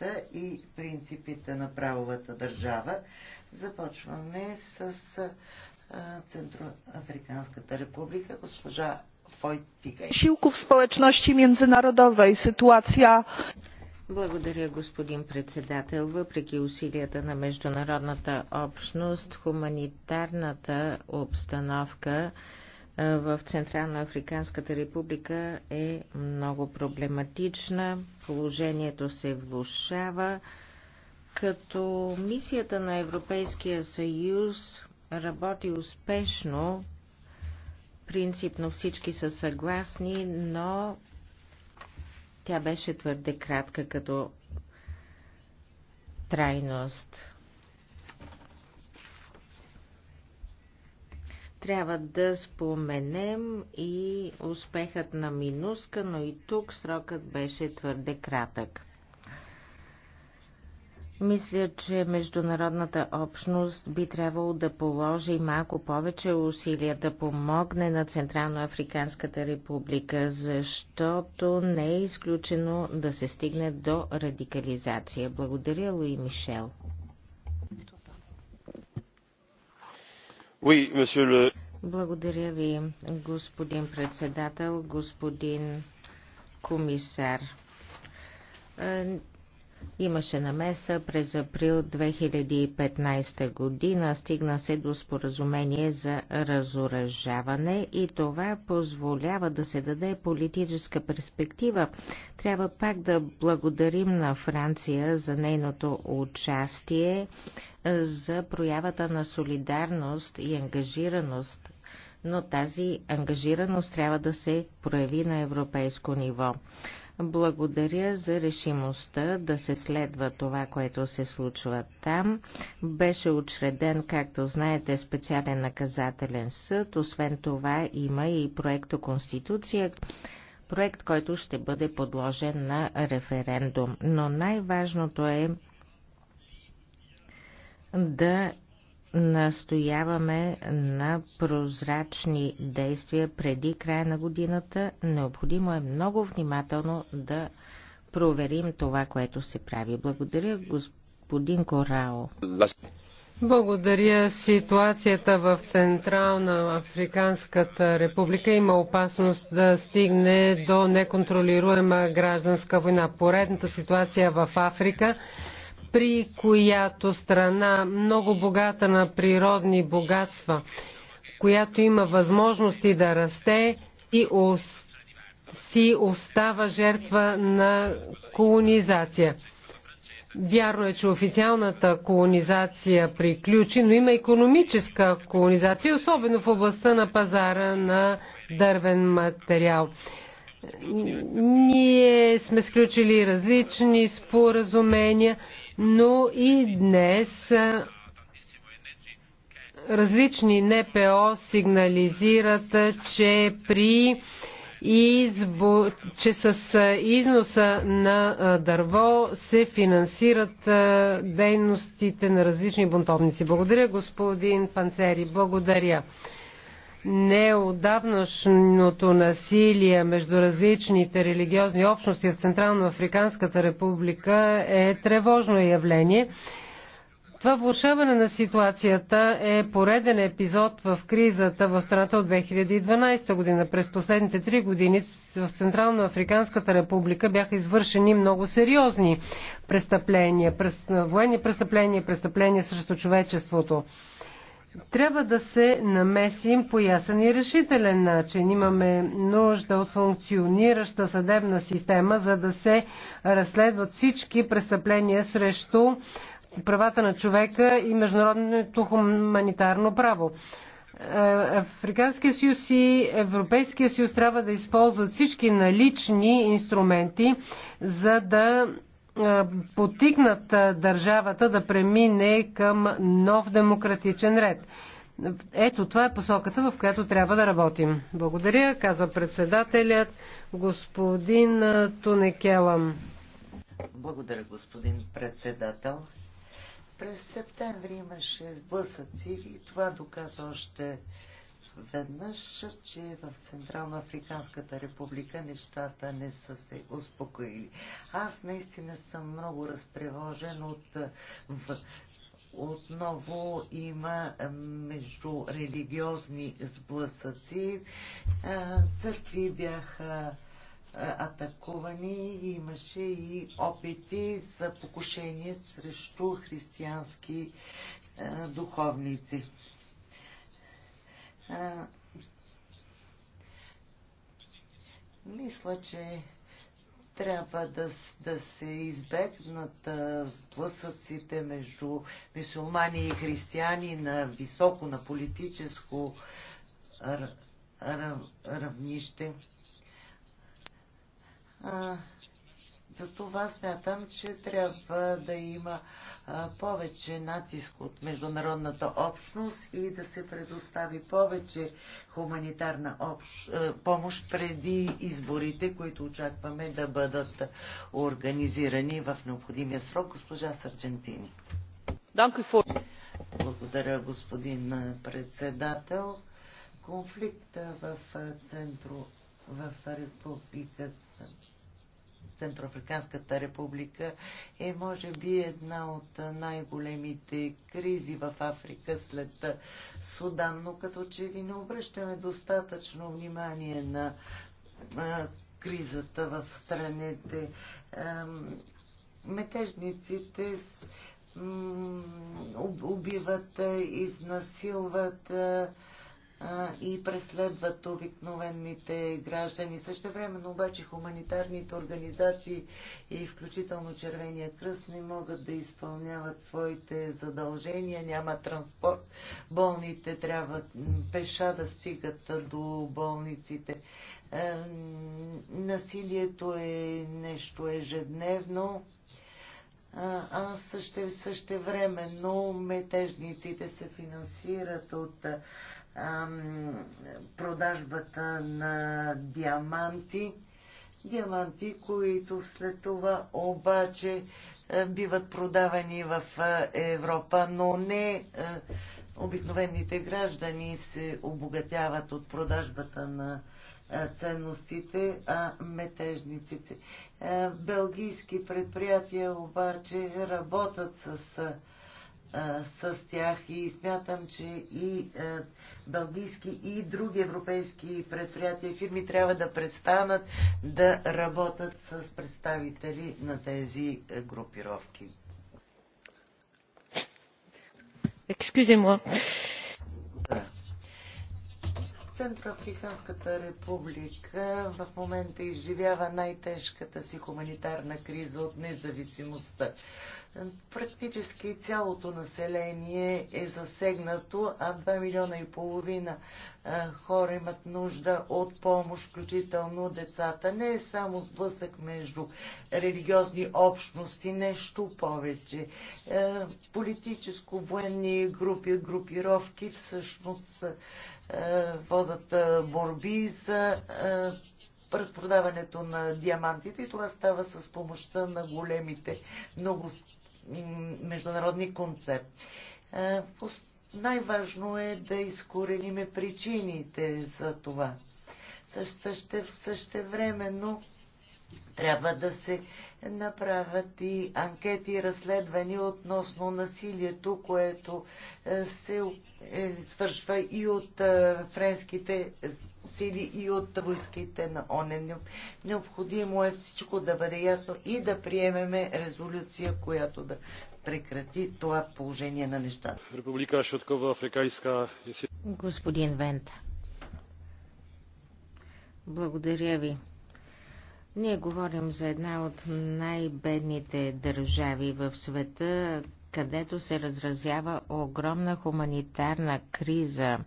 правилата и принципите на правовата държава. Започваме с Центроафриканската република, госпожа Фойтигай. Силков społeczności międzynarodowej sytuacja благодаря, господин председател. Въпреки усилията на международната общност, хуманитарната обстановка в Централна Африканската република е много проблематична. Положението се влушава, като мисията на Европейския съюз работи успешно. Принципно всички са съгласни, но тя беше твърде кратка като трайност. Трябва да споменем и успехът на Минуска, но и тук срокът беше твърде кратък. Мисля, че международната общност би трябвало да положи малко повече усилия да помогне на Централноафриканската република, защото не е изключено да се стигне до радикализация. Благодаря, Луи Мишел. Благодаря ви, господин председател, господин комисар. Е, Имаше намеса през април 2015 година. Стигна се до споразумение за разоръжаване и това позволява да се даде политическа перспектива. Трябва пак да благодарим на Франция за нейното участие, за проявата на солидарност и ангажираност но тази ангажираност трябва да се прояви на европейско ниво. Благодаря за решимостта да се следва това, което се случва там. Беше учреден, както знаете, специален наказателен съд. Освен това има и проекто Конституция, проект, който ще бъде подложен на референдум. Но най-важното е да Настояваме на прозрачни действия преди края на годината. Необходимо е много внимателно да проверим това, което се прави. Благодаря, господин Корао. Благодаря. Ситуацията в Централна Африканската република има опасност да стигне до неконтролируема гражданска война. Поредната ситуация в Африка при която страна много богата на природни богатства, която има възможности да расте и си остава жертва на колонизация. Вярно е, че официалната колонизация приключи, но има економическа колонизация, особено в областта на пазара на дървен материал. Ние сме сключили различни споразумения, но и днес различни НПО сигнализират, че при избо, че с износа на дърво се финансират дейностите на различни бунтовници. Благодаря, господин Панцери. Благодаря неодавнашното насилие между различните религиозни общности в Централно Африканската република е тревожно явление. Това влушаване на ситуацията е пореден епизод в кризата в страната от 2012 година. През последните три години в Централно Африканската република бяха извършени много сериозни престъпления, военни престъпления, престъпления срещу човечеството. Трябва да се намесим по ясен и решителен начин. Имаме нужда от функционираща съдебна система, за да се разследват всички престъпления срещу правата на човека и международното хуманитарно право. Е, Африканския съюз и Европейския съюз трябва да използват всички налични инструменти, за да е, потикнат е, държавата да премине към нов демократичен ред. Ето това е посоката, в която трябва да работим. Благодаря, каза председателят господин е, Тунекелам. Благодаря, господин председател. През септември имаше сблъсъци и това доказа още веднъж, че в Централно Африканската република нещата не са се успокоили. Аз наистина съм много разтревожен от в, отново има между религиозни сблъсъци. Църкви бяха атакувани и имаше и опити за покушение срещу християнски духовници мисля, че трябва да, да се избегнат сблъсъците между мусулмани и християни на високо, на политическо равнище. А, за това смятам, че трябва да има повече натиск от международната общност и да се предостави повече хуманитарна общ, помощ преди изборите, които очакваме да бъдат организирани в необходимия срок. Госпожа Сарджентини. Благодаря, господин председател. Конфликта в центро в републиката Центроафриканската република е може би една от най-големите кризи в Африка след Судан, но като че ли не обръщаме достатъчно внимание на а, кризата в страните. А, метежниците с, убиват, изнасилват, и преследват обикновените граждани. Също времено обаче хуманитарните организации и включително Червения кръст не могат да изпълняват своите задължения, няма транспорт, болните трябва пеша да стигат до болниците. Е, насилието е нещо ежедневно а също, но метежниците се финансират от ам, продажбата на диаманти. Диаманти, които след това обаче биват продавани в Европа, но не обикновените граждани се обогатяват от продажбата на ценностите, а метежниците. Белгийски предприятия обаче работят с, с тях и смятам, че и белгийски и други европейски предприятия и фирми трябва да престанат да работят с представители на тези групировки. Excusez-moi. Центроафриканската република в момента изживява най-тежката си хуманитарна криза от независимостта. Практически цялото население е засегнато, а 2 милиона и половина хора имат нужда от помощ, включително децата. Не е само сблъсък между религиозни общности, нещо повече. Политическо-военни групи, групировки всъщност е, водат е, борби за е, разпродаването на диамантите и това става с помощта на големите, много международни концерти. Най-важно е да изкорениме причините за това. Също, времено. Трябва да се направят и анкети, разследвани относно насилието, което е, се свършва е, и от е, френските сили, и от войските на ОНЕ. Необходимо е всичко да бъде ясно и да приемеме резолюция, която да прекрати това положение на нещата. Република Шоткова Африканска... Господин Вента, благодаря ви. Ние говорим за една от най-бедните държави в света, където се разразява огромна хуманитарна криза.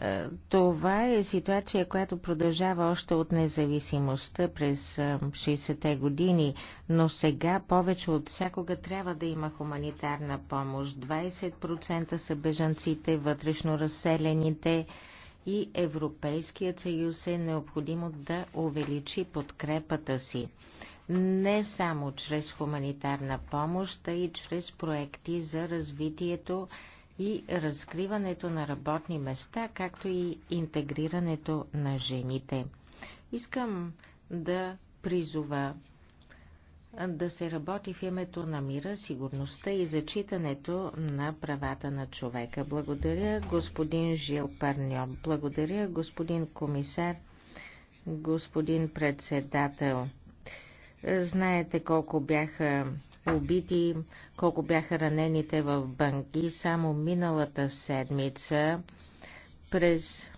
Е, това е ситуация, която продължава още от независимостта през 60-те е, години, но сега повече от всякога трябва да има хуманитарна помощ. 20% са бежанците, вътрешно разселените, и Европейският съюз е необходимо да увеличи подкрепата си не само чрез хуманитарна помощ, а и чрез проекти за развитието и разкриването на работни места, както и интегрирането на жените. Искам да призова да се работи в името на мира, сигурността и зачитането на правата на човека. Благодаря, господин Жил Парньо. Благодаря, господин комисар, господин председател. Знаете колко бяха убити, колко бяха ранените в Банги. Само миналата седмица през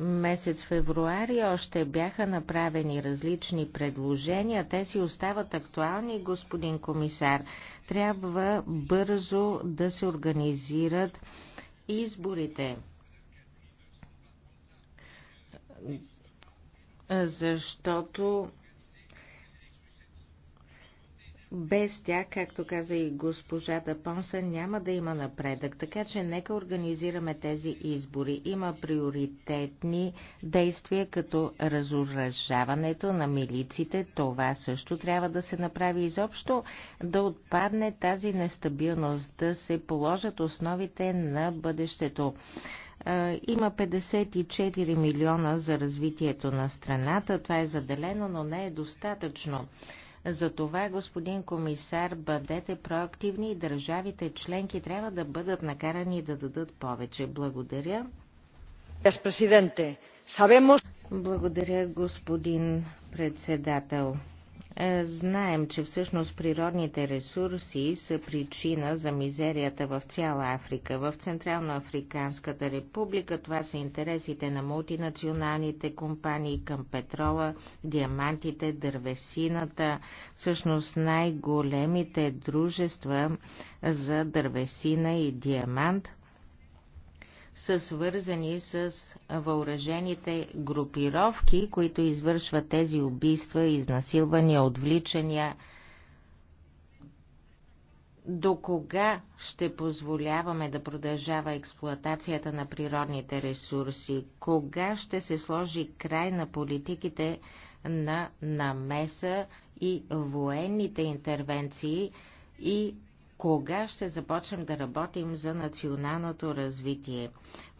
месец февруари още бяха направени различни предложения. Те си остават актуални, господин комисар. Трябва бързо да се организират изборите. Защото без тях, както каза и госпожата Понса, няма да има напредък, така че нека организираме тези избори. Има приоритетни действия, като разоръжаването на милиците. Това също трябва да се направи изобщо, да отпадне тази нестабилност, да се положат основите на бъдещето има 54 милиона за развитието на страната. Това е заделено, но не е достатъчно. Затова, господин комисар, бъдете проактивни и държавите членки трябва да бъдат накарани да дадат повече. Благодаря. Благодаря, господин председател. Е, знаем, че всъщност природните ресурси са причина за мизерията в цяла Африка. В Централноафриканската република това са интересите на мултинационалните компании към петрола, диамантите, дървесината. Всъщност най-големите дружества за дървесина и диамант са свързани с въоръжените групировки, които извършват тези убийства, изнасилвания, отвличания. До кога ще позволяваме да продължава експлоатацията на природните ресурси? Кога ще се сложи край на политиките на намеса и военните интервенции и кога ще започнем да работим за националното развитие.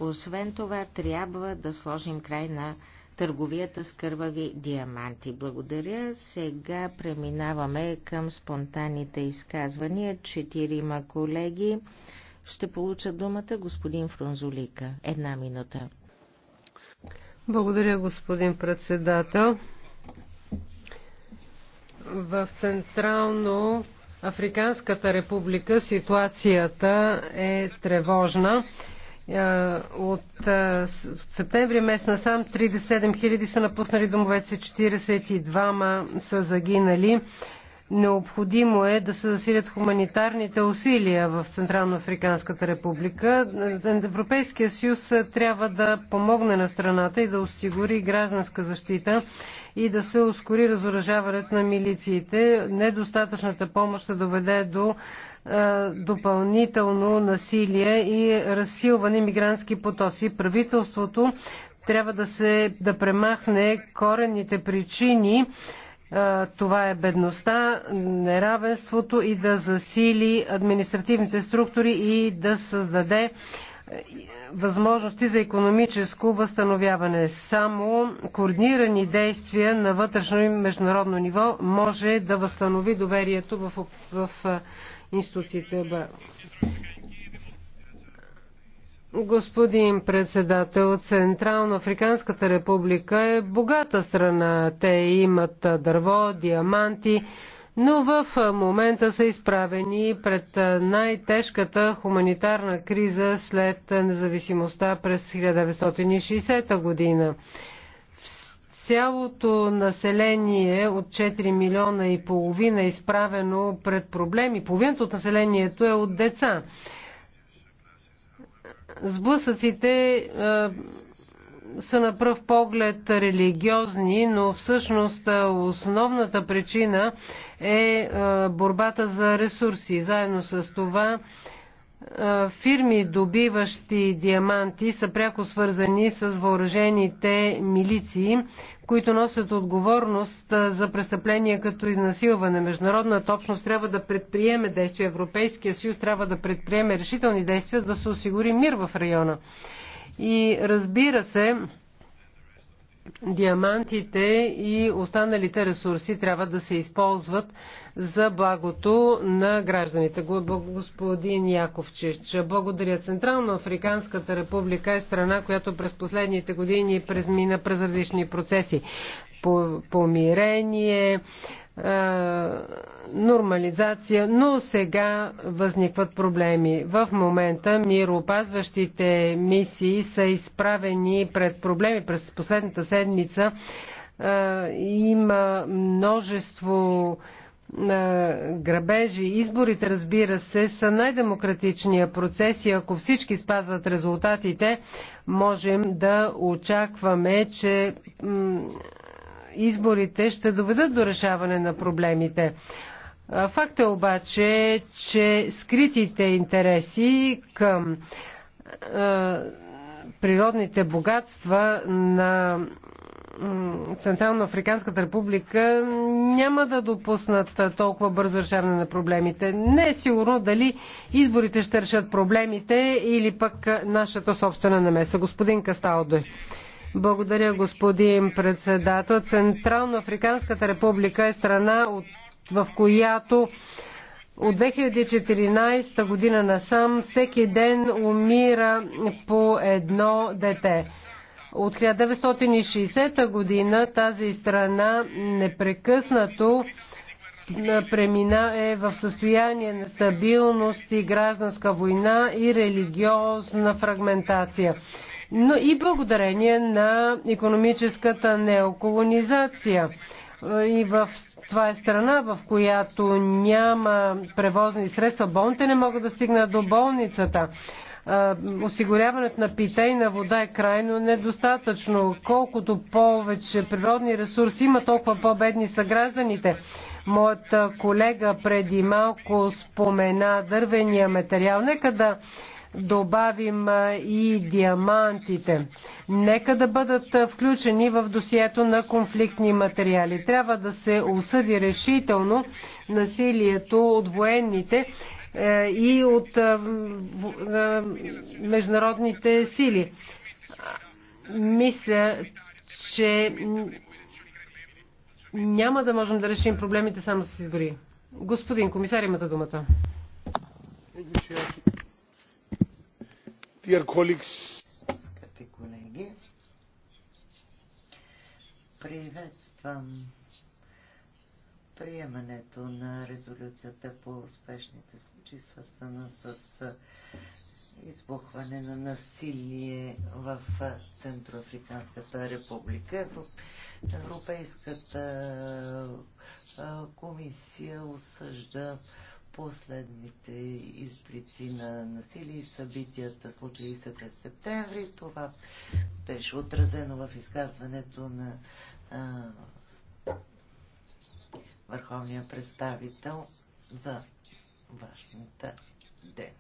Освен това, трябва да сложим край на търговията с кървави диаманти. Благодаря. Сега преминаваме към спонтанните изказвания. Четирима колеги ще получат думата господин Фрунзолика. Една минута. Благодаря, господин председател. В Централно Африканската република ситуацията е тревожна. Е, от е, септември месец насам 37 000 са напуснали домовете 42 са загинали. Необходимо е да се засилят хуманитарните усилия в Централноафриканската република. Европейския съюз трябва да помогне на страната и да осигури гражданска защита и да се ускори разоръжаването на милициите. Недостатъчната помощ ще доведе до допълнително насилие и разсилване мигрантски потоци. Правителството трябва да, се, да премахне корените причини това е бедността, неравенството и да засили административните структури и да създаде е, възможности за економическо възстановяване. Само координирани действия на вътрешно и международно ниво може да възстанови доверието в, в, е, институциите. Господин председател, Централно Африканската република е богата страна. Те имат дърво, диаманти, но в момента са изправени пред най-тежката хуманитарна криза след независимостта през 1960 година. Цялото население от 4 милиона и половина е изправено пред проблеми. Половината от населението е от деца. Сблъсъците е, са на пръв поглед религиозни, но всъщност е, основната причина е, е борбата за ресурси. Заедно с това е, фирми, добиващи диаманти, са пряко свързани с въоръжените милиции, които носят отговорност е, за престъпления като изнасилване. Международната общност трябва да предприеме действия, Европейския съюз трябва да предприеме решителни действия, за да се осигури мир в района. И разбира се, диамантите и останалите ресурси трябва да се използват за благото на гражданите. Господин Яковчич, благодаря. Централно-Африканската република е страна, която през последните години презмина през различни процеси. Помирение, нормализация, но сега възникват проблеми. В момента мироопазващите мисии са изправени пред проблеми през последната седмица. Има множество грабежи. Изборите, разбира се, са най-демократичния процес и ако всички спазват резултатите, можем да очакваме, че изборите ще доведат до решаване на проблемите. Факт е обаче, че скритите интереси към природните богатства на Централно-Африканската република няма да допуснат толкова бързо решаване на проблемите. Не е сигурно дали изборите ще решат проблемите или пък нашата собствена намеса. Господин Касталдо. Благодаря, господин председател. Централноафриканската република е страна, от, в която от 2014 година насам всеки ден умира по едно дете. От 1960 година тази страна непрекъснато премина е в състояние на стабилност и гражданска война и религиозна фрагментация но и благодарение на економическата неоколонизация. И в това е страна, в която няма превозни средства, болните не могат да стигнат до болницата осигуряването на питейна вода е крайно недостатъчно. Колкото повече природни ресурси има, толкова по-бедни са гражданите. Моят колега преди малко спомена дървения материал. Нека да добавим и диамантите. Нека да бъдат включени в досието на конфликтни материали. Трябва да се осъди решително насилието от военните е, и от международните сили. Мисля, че няма да можем да решим проблемите само с избори. Господин комисар, имате думата. Е, Скъпи колеги, приветствам приемането на резолюцията по успешните случаи, свързана с избухване на насилие в Центроафриканската република. Европейската комисия осъжда последните изблици на насилие и събитията, случили се през септември. Това беше отразено в изказването на а, върховния представител за важната ден.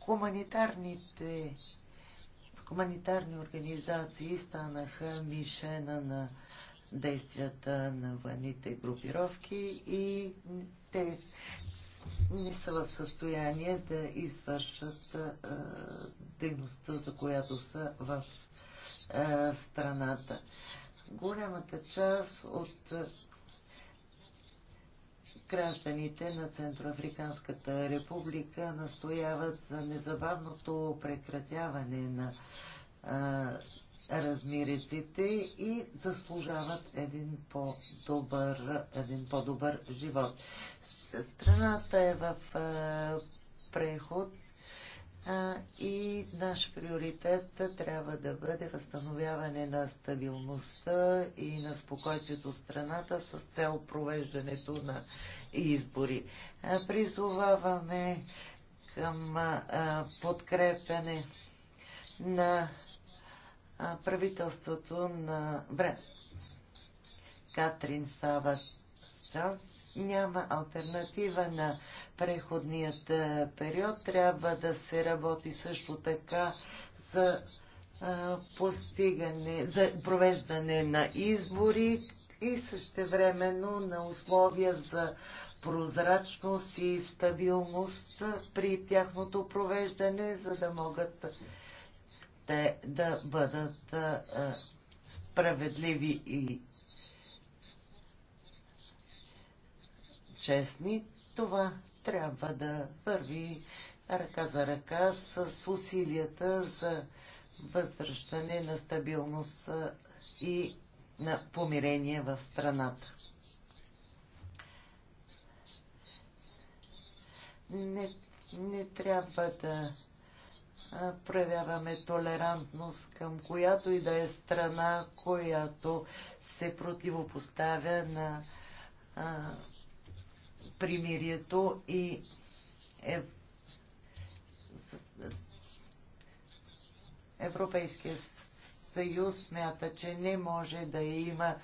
Хуманитарните хуманитарни организации станаха мишена на действията на военните групировки и те не са в състояние да извършат дейността, за която са в страната. Голямата част от гражданите на Центроафриканската република настояват за незабавното прекратяване на Размериците и заслужават един по-добър, един по-добър живот. Страната е в преход и наш приоритет трябва да бъде възстановяване на стабилността и на спокойствието в страната с цел провеждането на избори. призоваваме към подкрепяне на правителството на Бре. Катрин Сава няма альтернатива на преходният период. Трябва да се работи също така за постигане, за провеждане на избори и същевременно на условия за прозрачност и стабилност при тяхното провеждане, за да могат те да бъдат справедливи и честни. Това трябва да върви ръка за ръка с усилията за възвръщане на стабилност и на помирение в страната. Не, не трябва да проявяваме толерантност към която и да е страна, която се противопоставя на а, примирието и е, Европейския съюз смята, че не може да има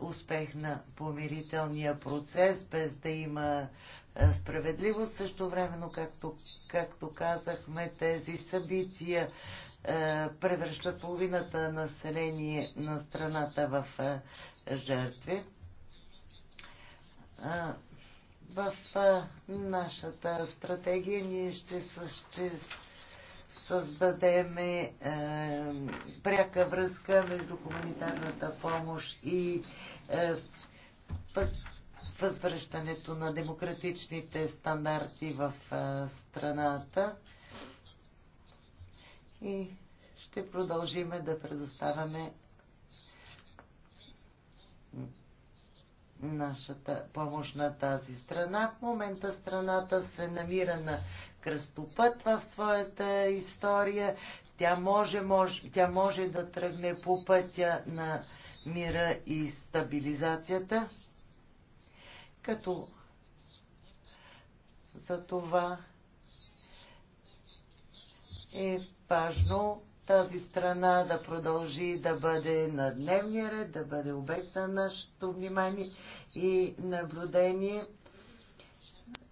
успех на помирителния процес, без да има е, справедливост. Също времено, както, както казахме, тези събития е, превръщат половината население на страната в е, жертви. В нашата стратегия ние ще, ще създадем е, пряка връзка между хуманитарната помощ и е, възвръщането на демократичните стандарти в е, страната. И ще продължиме да предоставяме нашата помощ на тази страна. В момента страната се намира на кръстопът в своята история. Тя може, може, тя може да тръгне по пътя на мира и стабилизацията, като за това е важно тази страна да продължи да бъде на дневния ред, да бъде обект на нашето внимание и наблюдение.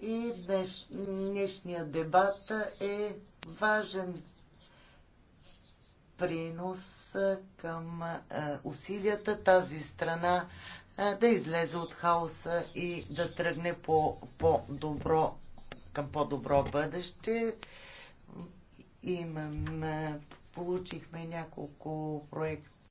И днеш, днешният дебат е важен принос към е, усилията тази страна е, да излезе от хаоса и да тръгне по, по добро, към по-добро бъдеще. Имам е, получихме няколко проекта